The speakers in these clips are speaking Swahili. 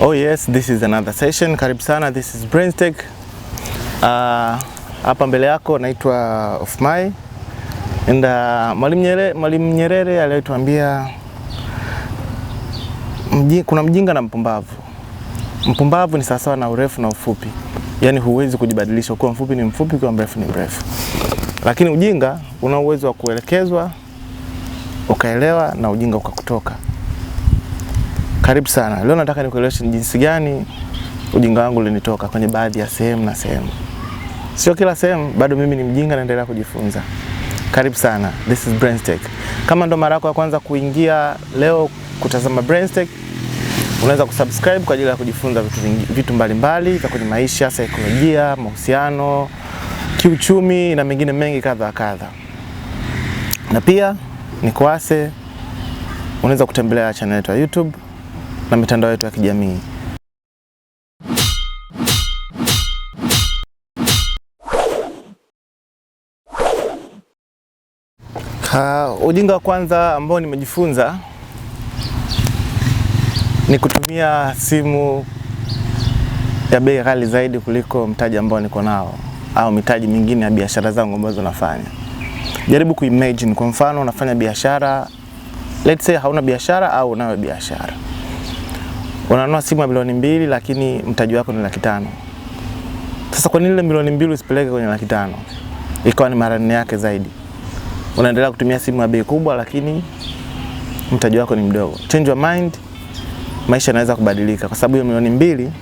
Oh yes, this is another session. Karibu sana, this is BrainsTech. Ah, hapa uh, mbele yako naitwa Ofmai and uh, Mwalimu Nyerere, Mwalimu Nyerere aliyetuambia mji, kuna mjinga na mpumbavu. Mpumbavu ni sawasawa na urefu na ufupi, yaani huwezi kujibadilisha, ukiwa mfupi ni mfupi, ukiwa mrefu ni mrefu. Lakini ujinga una uwezo wa kuelekezwa ukaelewa na ujinga ukakutoka. Karibu sana. Leo nataka nikueleweshe jinsi gani ujinga wangu ulinitoka kwenye baadhi ya sehemu na sehemu. Sio kila sehemu, bado mimi ni mjinga naendelea kujifunza. Karibu sana. This is BrainsTech. Kama ndo mara yako ya kwanza kuingia leo kutazama BrainsTech, unaweza kusubscribe kwa ajili ya kujifunza vitu vitu mbalimbali vya kwenye maisha, saikolojia, mahusiano, kiuchumi na mengine mengi kadha kadha. Na pia nikuase unaweza kutembelea channel yetu ya YouTube na mitandao yetu ya kijamii. Uh, ujinga wa kwanza ambao nimejifunza ni kutumia simu ya bei ghali zaidi kuliko mtaji ambao niko nao au mitaji mingine ya biashara zangu ambazo nafanya. Jaribu kuimagine, kwa mfano unafanya biashara, let's say hauna biashara au unayo biashara unanunua simu ya milioni mbili lakini mtaji wako ni laki tano. Sasa kwa nini ile milioni mbili usipeleke kwenye laki tano ikawa ni mara nne yake zaidi? Unaendelea kutumia simu ya bei kubwa, lakini mtaji wako ni mdogo. Change your mind, maisha yanaweza kubadilika, kwa sababu hiyo milioni mbili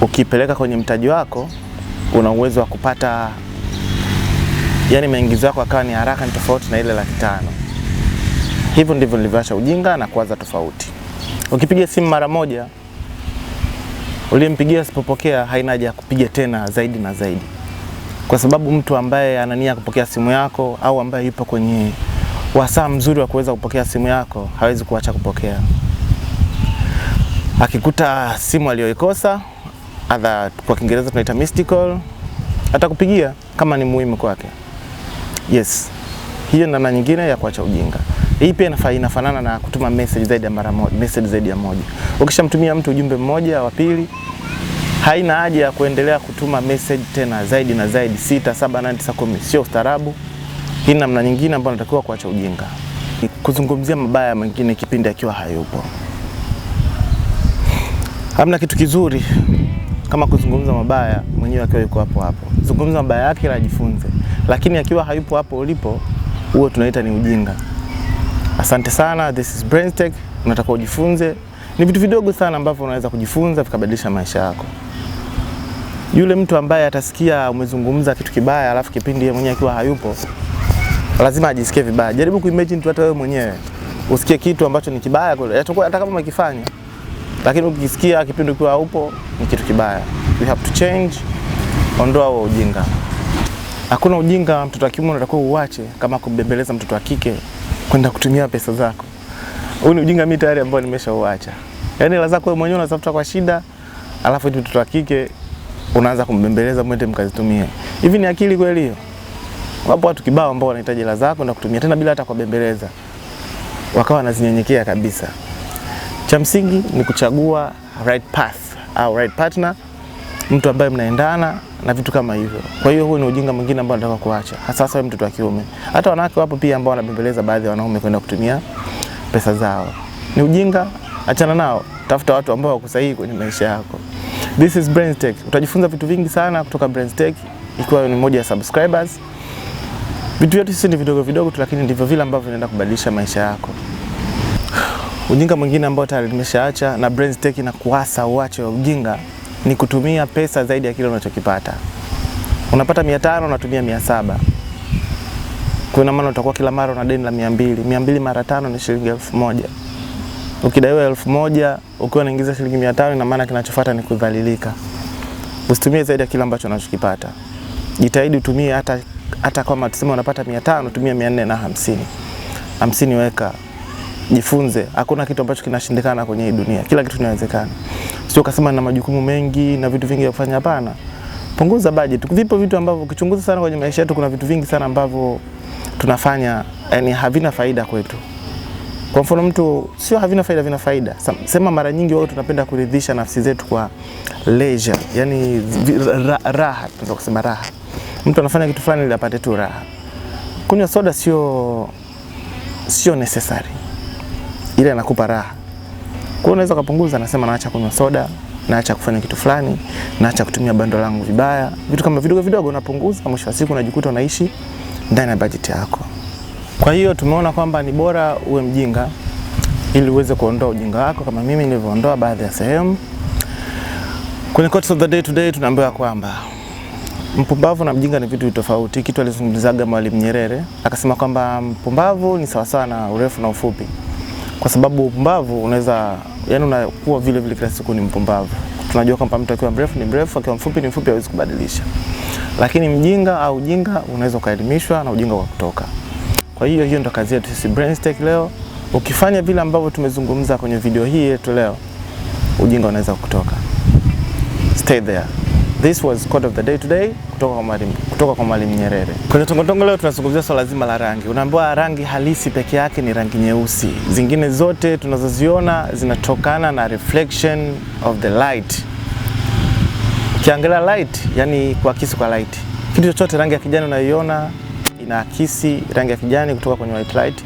ukipeleka kwenye mtaji wako una uwezo wa kupata yani maingizo yako akawa ni haraka, ni tofauti na ile laki tano. Hivyo ndivyo nilivyoacha ujinga na kuwaza tofauti. Ukipiga simu mara moja uliyempigia asipopokea, haina haja ya kupiga tena zaidi na zaidi, kwa sababu mtu ambaye anania kupokea simu yako au ambaye yupo kwenye wasaa mzuri wa kuweza kupokea simu yako hawezi kuacha kupokea. Akikuta simu aliyoikosa, adha, kwa Kiingereza tunaita missed call, atakupigia kama ni muhimu kwake. Yes, hiyo namna nyingine ya kuacha ujinga. Hii pia inafanana na kutuma message zaidi ya mara moja, message zaidi ya moja. Ukishamtumia mtu ujumbe mmoja wa pili, haina haja ya kuendelea kutuma message tena zaidi na zaidi, sita, saba, nane, tisa, kumi. Sio ustaarabu. Hii namna nyingine ambayo natakiwa kuacha ujinga, kuzungumzia mabaya mengine kipindi akiwa hayupo. Hamna kitu kizuri kama kuzungumza mabaya mwenyewe akiwa yuko hapo hapo. Zungumza mabaya yake, ajifunze, lakini akiwa hayupo hapo ulipo, huo tunaita ni ujinga. Asante sana, this is BrainsTech. Unataka ujifunze, ni vitu vidogo sana ambavyo unaweza kujifunza vikabadilisha maisha yako. Yule mtu ambaye atasikia umezungumza kitu kibaya alafu kipindi yeye mwenyewe akiwa hayupo, lazima ajisikie vibaya. Jaribu kuimagine tu hata wewe mwenyewe usikie kitu ambacho ni kibaya kweli, hata kama umekifanya, lakini ukisikia kipindi ukiwa haupo ni kitu kibaya. We have to change. Ondoa huo ujinga. Hakuna ujinga mtoto wa kiume unatakiwa uache, kama kubembeleza mtoto wa kike kwenda kutumia pesa zako. Huu ni ujinga mimi tayari ambao nimeshauacha. Yaani hela zako wewe mwenyewe unatafuta kwa shida, alafu eti mtoto wa kike unaanza kumbembeleza mwende mkazitumie. Hivi ni akili kweli hiyo? Wapo watu kibao ambao wanahitaji hela zako na kutumia tena bila hata kuwabembeleza. Wakawa wanazinyenyekea kabisa. Cha msingi ni kuchagua right path au right partner, mtu ambaye mnaendana na vitu kama hivyo. Kwa hiyo huu ni ujinga mwingine ambao nataka kuacha, hasa hasa mtoto wa kiume. Hata wanawake wapo pia ambao wanabembeleza baadhi ya wanaume kwenda kutumia pesa zao. Ni ujinga, achana nao, tafuta watu ambao wakusahihi kwenye maisha yako. This is Brains Tech. Utajifunza vitu vingi sana kutoka Brains Tech, ikiwa ni moja ya subscribers. Vitu vyetu sisi ni vidogo vidogo tu, lakini ndivyo vile ambavyo vinaenda kubadilisha maisha yako. Ujinga mwingine ambao tayari nimeshaacha na Brains Tech inakuasa uache ujinga ni kutumia pesa zaidi ya kile unachokipata. Unapata mia tano unatumia mia saba kuna maana utakuwa kila mara una deni la mia mbili mia mbili mara tano ni shilingi elfu moja Ukidaiwa elfu moja ukiwa unaingiza shilingi mia tano ina maana kinachofuata ni kudhalilika. Usitumie zaidi ya kile ambacho unachokipata, jitahidi utumie hata hata kama tuseme unapata mia tano tumia mia nne na hamsini hamsini weka jifunze, hakuna kitu ambacho kinashindikana kwenye hii dunia, kila kitu kinawezekana. Sio kasema na majukumu mengi na vitu vingi vya kufanya, hapana. Punguza budget. Vipo vitu ambavyo ukichunguza sana kwenye maisha yetu, kuna vitu vingi sana ambavyo tunafanya yani havina faida kwetu. Kwa mfano mtu sio havina faida, vina faida. Sema mara nyingi wao tunapenda kuridhisha nafsi zetu kwa leisure, yani raha, tunataka kusema raha. Mtu anafanya kitu fulani ili apate tu raha. Kunywa soda sio sio necessary ile anakupa raha. Kwa hiyo unaweza kupunguza, nasema naacha kunywa soda, naacha kufanya kitu fulani, naacha kutumia bando langu vibaya, vitu kama vidogo vidogo unapunguza, mwisho wa siku unajikuta unaishi ndani ya bajeti yako. Kwa hiyo tumeona kwamba ni bora uwe mjinga ili uweze kuondoa ujinga wako kama mimi nilivyoondoa baadhi ya sehemu. Kwenye quotes of the day today tunaambiwa kwamba mpumbavu na mjinga ni vitu tofauti. Kitu alizungumzaga Mwalimu Nyerere akasema kwamba mpumbavu ni sawasawa na urefu na ufupi kwa sababu upumbavu unaweza yani, unakuwa vile vile kila siku ni mpumbavu. Tunajua kwamba mtu akiwa mrefu ni mrefu, akiwa mfupi ni mfupi, hawezi kubadilisha. Lakini mjinga au ujinga unaweza ukaelimishwa na ujinga kutoka. Kwa hiyo hiyo ndo kazi yetu sisi BrainStack leo. Ukifanya vile ambavyo tumezungumza kwenye video hii yetu leo, ujinga unaweza kutoka. Stay there. This was quote of the Day today kutoka kwa Mwalimu kutoka kwa Mwalimu Nyerere. Kwenye tongotongo leo tunazungumzia swala zima la rangi. Unaambiwa rangi halisi peke yake ni rangi nyeusi, zingine zote tunazoziona zinatokana na reflection of the light. Ukiangalia light, yani kuakisi kwa light, kitu chochote rangi ya kijani unayoiona inaakisi rangi ya kijani kutoka kwenye white light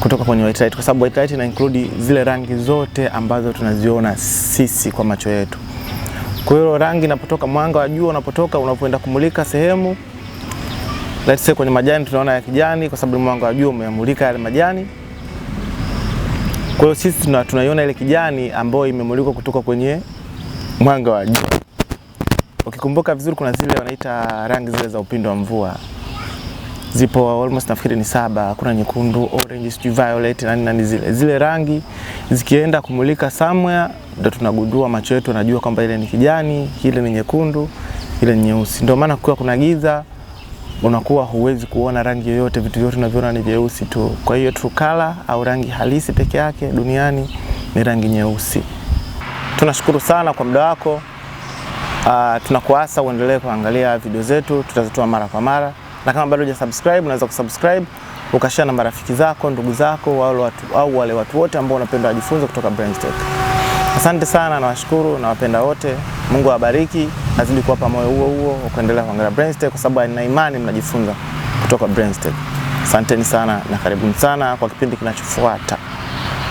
kutoka kwenye white light, kwa sababu white light ina include zile rangi zote ambazo tunaziona sisi kwa macho yetu. Kwa hiyo rangi inapotoka, mwanga wa jua unapotoka, unapoenda kumulika sehemu, let's say kwenye majani tunaona ya kijani, kwa sababu mwanga wa jua umemulika yale majani. Kwa hiyo sisi tuna, tunaiona ile kijani ambayo imemulikwa kutoka kwenye mwanga wa jua. Ukikumbuka vizuri, kuna zile wanaita rangi zile za upindo wa mvua zipo almost nafikiri ni saba, kuna nyekundu, orange, sijui violet na nani, zile zile rangi zikienda kumulika somewhere, ndio tunagundua, macho yetu anajua kwamba ile ni kijani, ile ni nyekundu, ile ni nyeusi. Ndio maana kukiwa kuna giza unakuwa huwezi kuona rangi yoyote, vitu vyote unavyoona ni vyeusi tu. Kwa hiyo true color au rangi halisi peke yake duniani ni rangi nyeusi. Tunashukuru sana kwa muda wako. Uh, tunakuasa uendelee kuangalia video zetu, tutazitoa mara kwa mara na kama bado hujasubscribe, unaweza kusubscribe ukashare na marafiki zako, ndugu zako, wale watu, au wale watu wote ambao unapenda wajifunze kutoka BrainsTech. Asante sana, nawashukuru na wapenda wote. Mungu awabariki, nazidi kuwapa moyo huo huo wa kuendelea kuangalia BrainsTech kwa sababu nina imani mnajifunza kutoka BrainsTech. Asanteni sana na karibuni sana kwa kipindi kinachofuata.